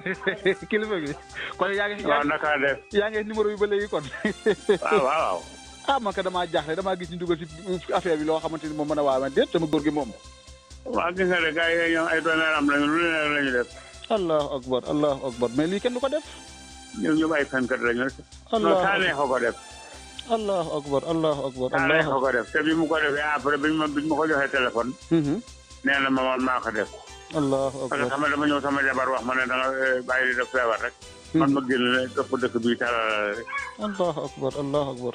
kilifa bi kon yaa ngi. waaw naka def yaa ngi numéro bi ba léegi kon. waaw waaw. ah ka damaa jaaxle damaa gis ñu dugal ci affaire bi loo xamante ni moom mën a waaw déet ma góor gi moom. waaw gis nga de gars yi ñoom ay dooleeram lañu lu leen lañu def. allahu akbar allahu akbar ko def. ñoom ay fenkat lañu. allahu non saa neexoo ko def. allahu akbar allahu akbar. saa neexoo ko def te bi mu ko defee après bi ma ko joxee téléphone. Mhm. nee na ma man maa ko def. allahu akbar parce que dama ñëw sama da nga eh, bàyyi di def feebar hmm. rek. allahu akbar allahu akbar.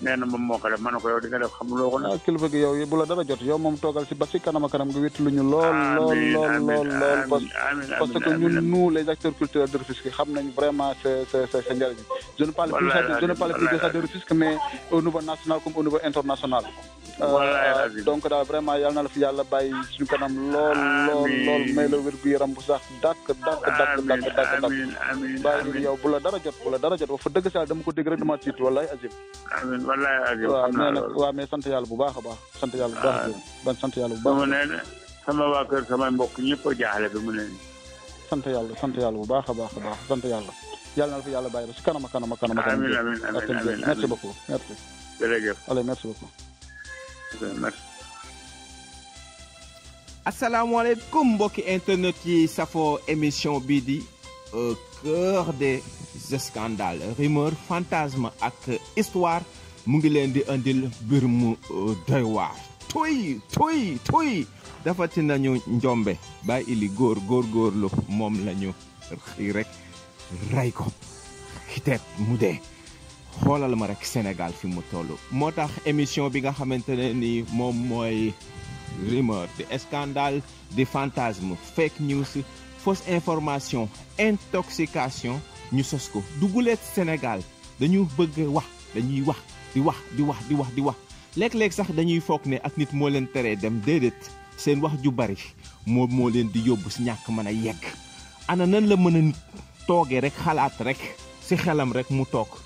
nee na moom moo ko def ma ne ko yow di def xam loo ko nag. ah kilifa gi jot yow moom toogal si ba si kanam a ñu lool. amiin amiin lool lool parce que ñun les acteurs culturels de Rufisque xam nañ vraiment sa sa sa sa njëriñ. je ne de ça mais au niveau comme au niveau donc daal vraiment yal na la fi yàlla bàyyi suñu kanam lool lool lool may la wér gu yaram bu sax dàkk dàkk dàkk dàkk dàkk dàkk bàyyi yow dara jot bu dara jot wax fa dëgg si yàlla dama ko dégg rek dama tiit wallaay azim amiin wallaay azim sant yàlla bu baax a baax sant yàlla bu baax ah. ban sant bu baax mu ne sama waa kër mbokk ñëpp a jaaxle bi mu yàlla sant yàlla bu baax a baax baax sant yàlla yàlla na yàlla ba si kanam a kanam a kanam a kanam merci beaucoup merci jërëjëf allez merci beaucoup merci. asalaamaaleykum mbokki internet yi safoo émission bii di au euh, cœur des scandales rumeur ak histoire mu ngi leen di indil mbir mu euh, doy waar. tuy tuy tuy dafati nañu njombe bàyyi ili góor góor góorlu moom la ñu rey ko xiteet mu dee. xoolal ma rek Sénégal fi mu toll moo tax émission bi nga xamante ne ni moom mooy rumeur di scandale di fantasme fake news fausse information intoxication ñu sos ko duguleet Sénégal dañu bëgg wax dañuy wax di wax di wax di wax di wax léeg-léeg sax dañuy foog ne ak nit moo leen teree dem déedéet seen wax ju bari moom moo leen di yóbbu si ñàkk mën a yegg ana nan la mën a toogee rek xalaat rek si xelam rek mu toog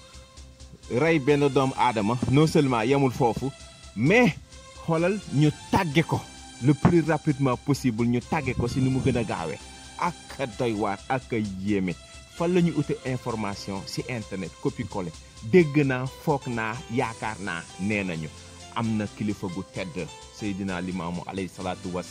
rey benn doomu aadama non seulement yemul foofu mais xoolal ñu tàgge ko le plus rapidement possible ñu tàgge ko si ni mu gën a gaawee ak a doy ak a yéeme fan la ñu ute information si internet copie collé dégg naa foog naa yaakaar naa nee nañu am na kilifa gu tedd Seydina Limaamu alayhi salaatu wa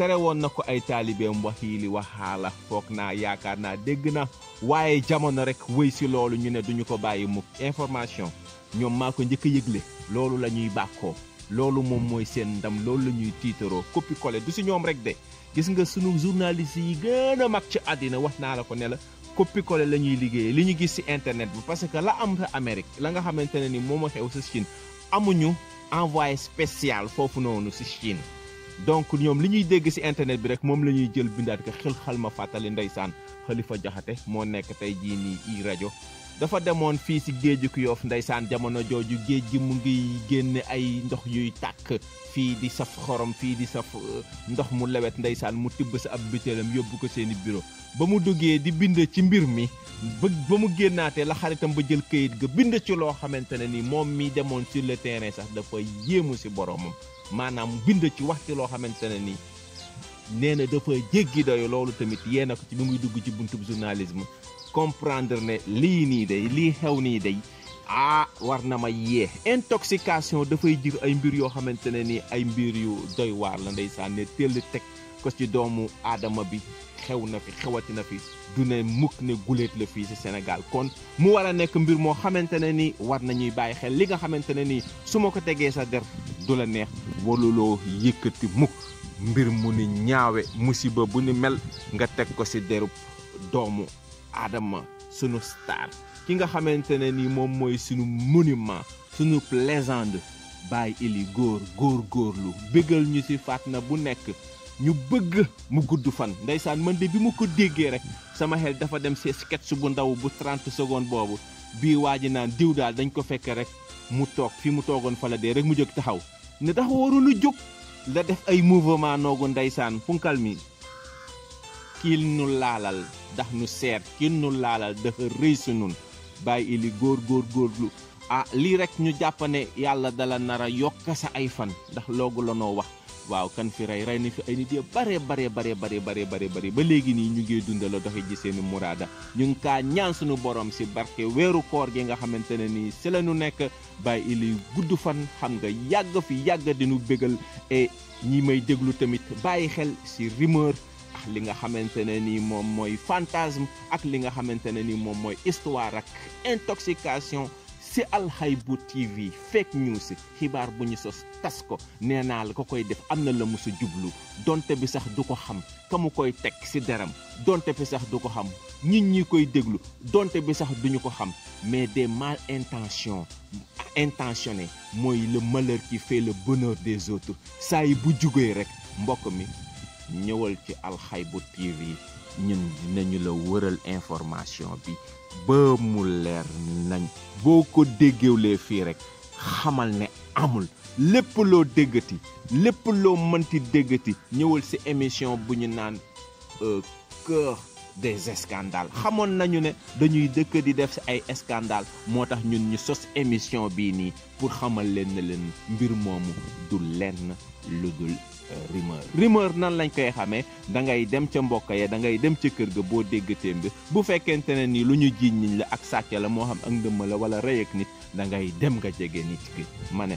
tere woon na ko ay taalibeem waxiili waxaala foog naa yaakaar naa dégg na waaye jamono rek wéy si loolu ñu ne duñu ko bàyyi mukk information ñoom maa ko njëkk a loolu la ñuy bàkkoo loolu moom mooy seen ndam loolu la ñuy tiitaroo copie collé du si ñoom rek de gis nga sunu journaliste yi gën a mag ci àddina wax naa la ko ne la copie collé la ñuy liggéeyee li ñu gis si internet bi parce que la am Amérique la nga xamante ne ni moom a xew si Chine amuñu envoyé spécial foofu noonu si Chine donc ñoom li ñuy dégg ci internet bi rek moom la ñuy jël bindaat ko xel xal ma fàttali ndeysaan Xalifa Jaxate moo nekk tey jii nii i rajo dafa demoon fii ci géej gu Yoof ndeysaan jamono jooju géej gi mu ngi génne ay ndox yuy tàkk fii di saf xorom fii di saf euh, ndox mu lawet ndeysaan mu tibb sa ab bitéelam yóbbu ko seeni bureau ba mu duggee di bind ci mbir mi ba ba mu génnaatee la xaritam ba jël kayit ga bind ci loo xamante ne ni moom mi demoon sur le terrain sax dafa yéemu ci boromam maanaam bind ci wax loo xamante ne ni nee na dafa jéggi dayo loolu tamit yéena ko ci bi muy dugg ci buntub journalisme comprendre ne lii nii day lii xew nii day ah war na ma yee intoxication dafay jir ay mbir yoo xamante ne ni ay mbir yu doy waar la ndeysaan ne teel teg ko ci doomu aadama bi xew na fi xewati na fi du ne mukk ne guléet la fii ci Sénégal kon mu war a nekk mbir moo xamante ne ni war nañuy bàyyi xel li nga xamante ne ni su ma ko tegee sa der du la neex waruloo yëkkati mukk mbir mu ni ñaawe musiba bu ni mel nga teg ko ci derub doomu aadama sunu star ki nga xamante ne ni moom mooy sunu monument sunu légende bàyyi ili góor góor góorlu bégal ñu ci faat na bu nekk ñu bëgg mu gudd fan ndeysaan man de bi ma ko déggee rek sama xel dafa dem ci sketch bu ndaw bu 30 secondes boobu bii waa ji naan diw daal dañ ko fekkee rek mu toog fi mu toogoon fa la rek mu jóg taxaw ne dafa warul a jóg la def ay mouvement noogu ndeysaan punkal mi kiil nu laalal ndax nu seet kiil nu laalal dafa rëy si nun bàyyi ili góor góor góorlu ah lii rek ñu jàpp ne yàlla dala nar a yokk sa ay fan ndax loogu lanoo noo wax waaw kan fi rey rey na fi ay nit yu bare bare bare bare bare bare ba léegi nii ñu ngi dundal la doxe ji seeni muraada ñu ngi kaa ñaan suñu borom si barke weeru koor gi nga xamante ne nii si la ñu nekk bàyyi ili gudd fan xam nga yàgg fi yàgg di ñu bégal e ñi may déglu tamit bàyyi xel si rumeur ak li nga xamante ne nii moom mooy fantasme ak li nga xamante ne nii moom mooy histoire ak intoxication si alxay alxaybu TV fake news xibaar bu ñu sos tas ko nee naa la ko koy def am na la musa jublu donte bi sax du ko xam ka mu koy teg si deram donte bi sax du ko xam nit ñi koy déglu donte bi sax duñu ko xam mais des mal intentions intentionnés mooy le malheur qui fait le bonheur des autres saa yi bu jugee rek mbokk mi ñëwal ci alxaybu tv ñun dinañu la wëral information bi ba mu leer nañ boo ko déggewlee fii rek xamal ne amul lépp loo déggati lépp loo mënti déggati ñëwal ci émission bu ñu naan euh, cœur des scandales xamoon nañu ne dañuy dëkk di def ci ay scandale moo tax ñun ñu sos émission bii nii pour xamal leen leen mbir moomu du lenn lu dul rumeur rumeur nan lañ koy xamee dangay dem ca mbokk ya dangay dem ca kër ga boo déggatee mbir bu fekkente ne ni lu ñu jiiñ niñ la ak sàcc la moo xam ak ndëmm la wala rey ak nit da ngay dem nga jege nit ma ne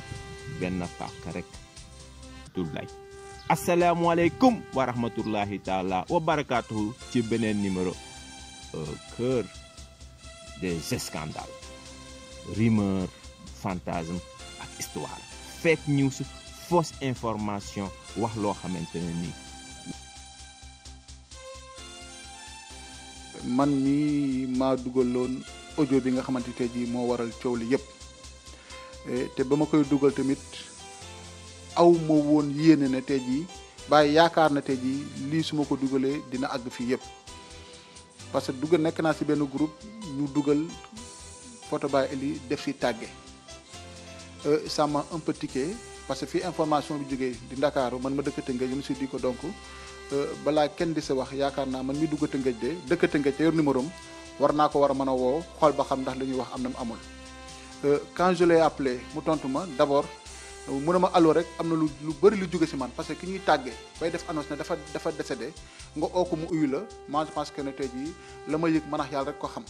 benn pàkk rek tur lay asalaamualeykum wa rahmatullahi taala wa barakaatuhu ci beneen numéro au euh, cœur des scandales rumeur fantasme ak histoire fake news fausse information wax loo xamante nii. man mi maa dugaloon audio bi nga xamante tey jii moo waral coow li yëpp e, te ba ma koy dugal tamit awma woon yéene ne tey jii bàyyi yaakaar na tey jii lii su ma ko dugalee dina àgg fii yëpp parce que dugal nekk naa si benn group ñu dugal photo Baye Ely def ci tàgge e, ça m'a parce que fi information bi jógee di ndakaaru man ma dëkk Tëngéej je me suis dit balaa kenn di si wax yaakaar naa man mi dugg Tëngéej de dëkk Tëngéej te yor numéro war naa ko war a mën a woo xool ba xam ndax li ñuy wax am na mu amul. Euh, quand je l'ai appelé mu tontu ma d'abord euh, mu ne ma allo rek am na lu lu bëri lu jóge si man parce que ki ñuy tàggee bay def annonce ne dafa dafa ko mu uyu la man que ne tey jii la ma yëg manax yàlla rek ko xam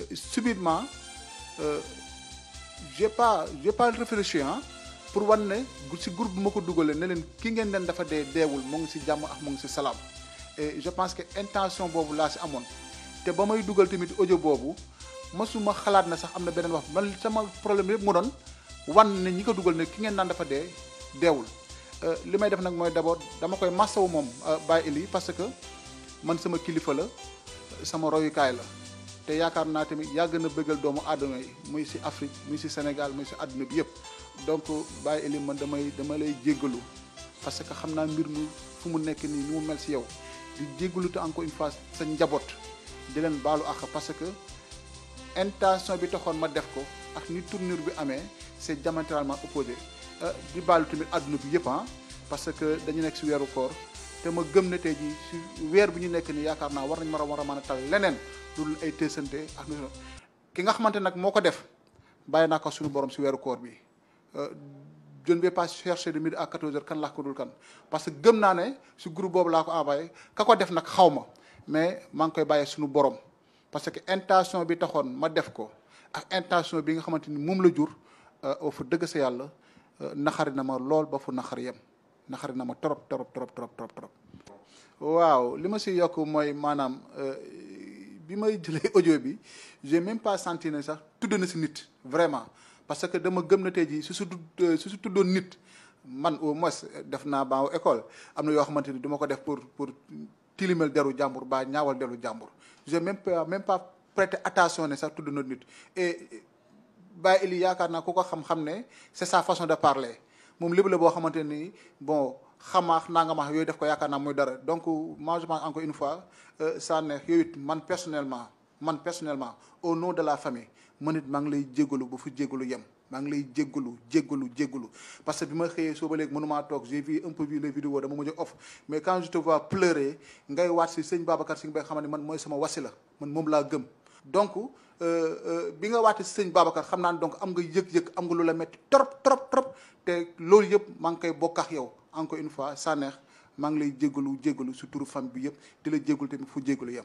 euh, subitement j'ai pas j'ai pas réfléchi ah. pour wan ne si groupe bu ma ko dugalee ne leen ki ngeen den dafa dee deewul mu ngi si jàmm ak mu ngi si salaam et je pense que intention boobu laa si amoon te ba may dugal tamit audio boobu masuma xalaat na sax am na beneen wax man sama problème yëpp mu doon wan ne ñi ko dugal ne ki ngeen naan dafa dee deewul euh, li may def nag mooy d'abord dama koy wu moom euh, Baye Eli parce que man sama kilifa la sama royukaay la te yaakaar naa tamit yàgg na bëggal doomu aadama yi muy si Afrique muy si Sénégal muy si àdduna bi yëpp donc bàyyi Elie man damay dama lay jéggalu parce que xam naa mbir mi fu mu nekk nii ni mu mel si yow di jéggalu te encore une fois njaboot di leen baalu ak parce que intention bi taxoon ma def ko ak ni tournure bi amee c'est diamétralement opposé euh, di baalu tamit àdduna bi yëpp ah parce que dañu nekk si weeru koor te ma gëm ne tey jii si weer bi ñu nekk nii yaakaar naa war nañ ma war a mën a tal leneen loolu ay teesante ak ki nga xamante nag moo ko def bàyyi naa ko suñu borom si weeru koor bi Euh, je ne vais pas chercher de midi à 14h kan laa ko dul kan parce que gëm naa ne si groupe boobu laa ko envoyé ka ko def nag xaw ma mais maa koy bàyyee suñu borom parce que intention bi taxoon ma def ko ak intention bi nga xamante ni moom la jur euh, au fa dëgg sa yàlla euh, naxari na ma lool ba fu naxari yem naxari na ma trop trop trop trop trop trop. waaw li si yokk mooy maanaam bi may jëlee audio bi même pas senti ne sax tudd na si nit vraiment. parce que dama gëm na tey jii su su euh, su tuddoon nit man au moins def naa ban école am na yoo xamante ni du ko def pour pour tilimal deru jàmbur baa ñaawal deru jàmbur je même pas même pas prêter attention ne sax tudd na nit et yaakaar naa ko ko xam-xam ne c'est sa façon de parler moom lépp la boo xamante ni bon xamaax nangamax yooyu def ko yaakaar naa muy dara donc moi je encore une fois saa euh, neex yooyu man personnellement man personnellement au nou de la famille man it maa ngi lay jégalu ba fu jégalu yem maa ngi lay jégalu jégalu jégalu que bi ma xëyee soo ba léegi mënumaa toog j'ai vu un peu vu les vidéos dama mujj off mais quand je te vois ngay waat si sëñ Babacar si nga xam ne man mooy sama wasila man moom laa gëm donc euh, euh, bi nga waatee si sëñ Babacar xam naa ne donc am nga yëg-yëg am nga lu la trop te loolu yëpp maa koy bokk ak yow encore une fois Sanekh maa ngi lay jégalu jégalu si turu bi yëpp di la jégalu tamit fu jégalu yem.